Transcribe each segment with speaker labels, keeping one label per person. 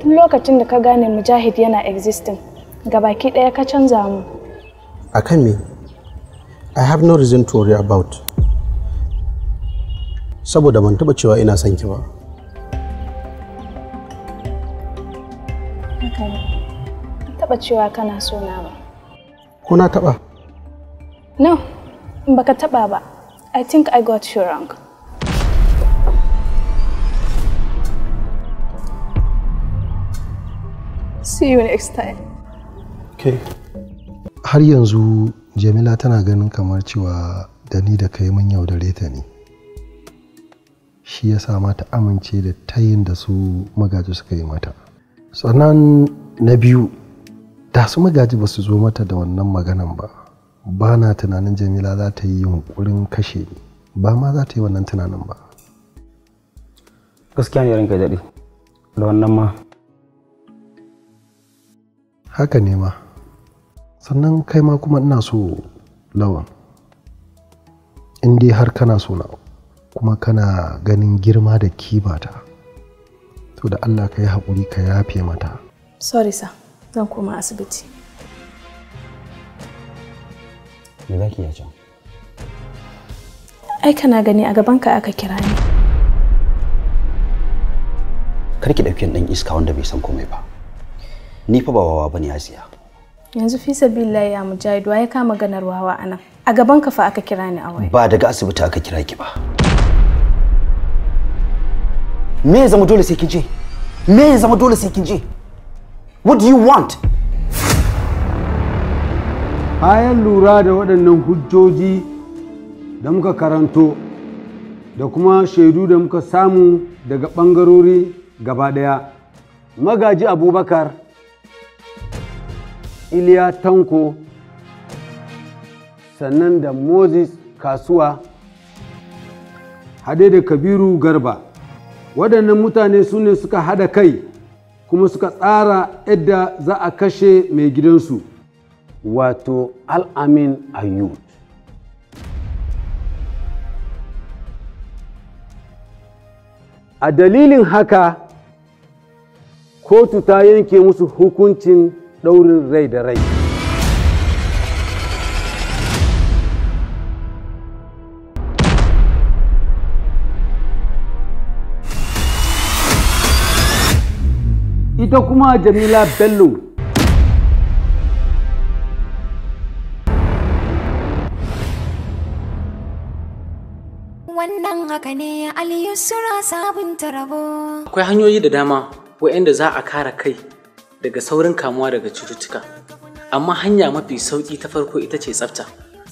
Speaker 1: tun lokacin da ka gane mujahid yana existing gabaki ɗaya ka canza mu
Speaker 2: akan me i have no reason to worry about saboda ban taba cewa ina son ki ba
Speaker 1: taba cewa kana so na ba ko na taba no baka taba ba i think i got you wrong See you next time.
Speaker 2: Okay. Har yanzu Jamila tana ganin kamar cewa dani da kai mun yaudare ta ne. Shi ya sa mata amince da tayin da su magaji suka yi mata. Sannan na biyu, da su magaji ba su zo mata da wannan maganan ba. Ba na tunanin Jamila za ta yi yunkurin kashe ni. Ba ma za ta yi wannan tunanin ba.
Speaker 3: Gaskiya ne ranka daɗe. Da wannan ma
Speaker 2: haka ne ma sannan kai ma kuma ina so lawan in dai har kana so na kuma kana ganin girma da kibata to da allah ka yi haƙuri ka yafe mata
Speaker 1: sorry sa zan koma asibiti me za ki ai kana gani a gaban ka aka kira ni
Speaker 4: kar ki ɗauki ɗan iska wanda bai san komai ba ni fa ba wawa bane asiya
Speaker 1: yanzu fi sabilillahi ya mujahid ya kama ganar wawa anan a gaban ka fa aka kira ni a
Speaker 4: waya ba daga asibiti aka kira ki ba me ya zama dole sai kin je me ya zama dole sai kin je what do you want bayan lura da waɗannan hujjoji da muka karanto da kuma shaidu da muka samu daga ɓangarori gaba ɗaya magaji abubakar iliya tanko sannan da moses kasuwa hade da kabiru garba waɗannan mutane su ne suka hada kai kuma suka tsara yadda za a kashe mai gidansu wato al'amin ayu a dalilin haka kotu ta yanke musu hukuncin ɗaurin rai da rai ita kuma jamila bello
Speaker 3: wannan haka ne sura sabunta rabo akwai hanyoyi da dama waɗanda za a kare kai daga saurin kamuwa daga cututtuka amma hanya mafi sauƙi ta farko ita ce tsafta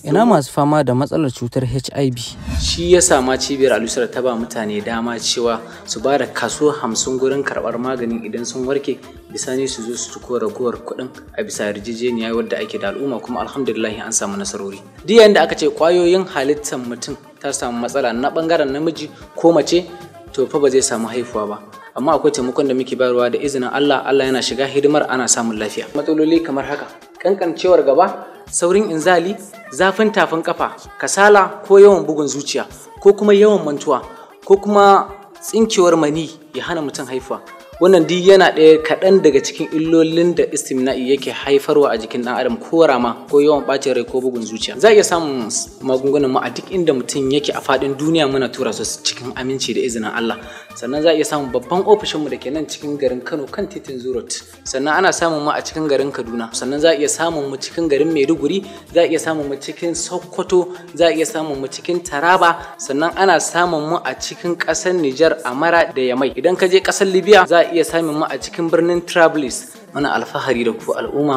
Speaker 3: ina masu fama da matsalar cutar hiv shi ya sama cibiyar alusar ta ba mutane dama cewa su ba da kaso hamsin gurin karɓar magani idan sun warke ne su zo su tuko raguwar kuɗin a bisa yarjejeniya wadda ake da al'umma kuma alhamdulillah an samu nasarori duk yayin da aka ce kwayoyin halittar mutum ta samu matsala na ɓangaren namiji ko mace to fa ba zai samu haifuwa ba amma akwai taimakon da muke bayarwa da izinin Allah Allah yana shiga hidimar ana samun lafiya matsaloli kamar haka kankancewar gaba saurin inzali zafin tafin kafa kasala ko yawan bugun zuciya ko kuma yawan mantuwa ko kuma tsinkewar mani ya hana mutum haifuwa wannan duk yana ɗaya kaɗan daga cikin illolin da istimna'i yake haifarwa a jikin ɗan adam ko rama ko yawan ɓacin rai ko bugun zuciya za a iya samun magungunan mu a duk inda mutum yake a faɗin duniya muna tura su cikin aminci da izinin Allah sannan za a iya samun babban ofishin mu da ke nan cikin garin Kano kan titin Zurot sannan ana samun mu a cikin garin Kaduna sannan za a iya samun mu cikin garin Maiduguri za a iya samun mu cikin Sokoto za a iya samun mu cikin Taraba sannan ana samun mu a cikin ƙasar Nijar Amara da Yamai idan ka je ƙasar Libya za iya samun mu a cikin birnin Trablis mana alfahari da ku al'umma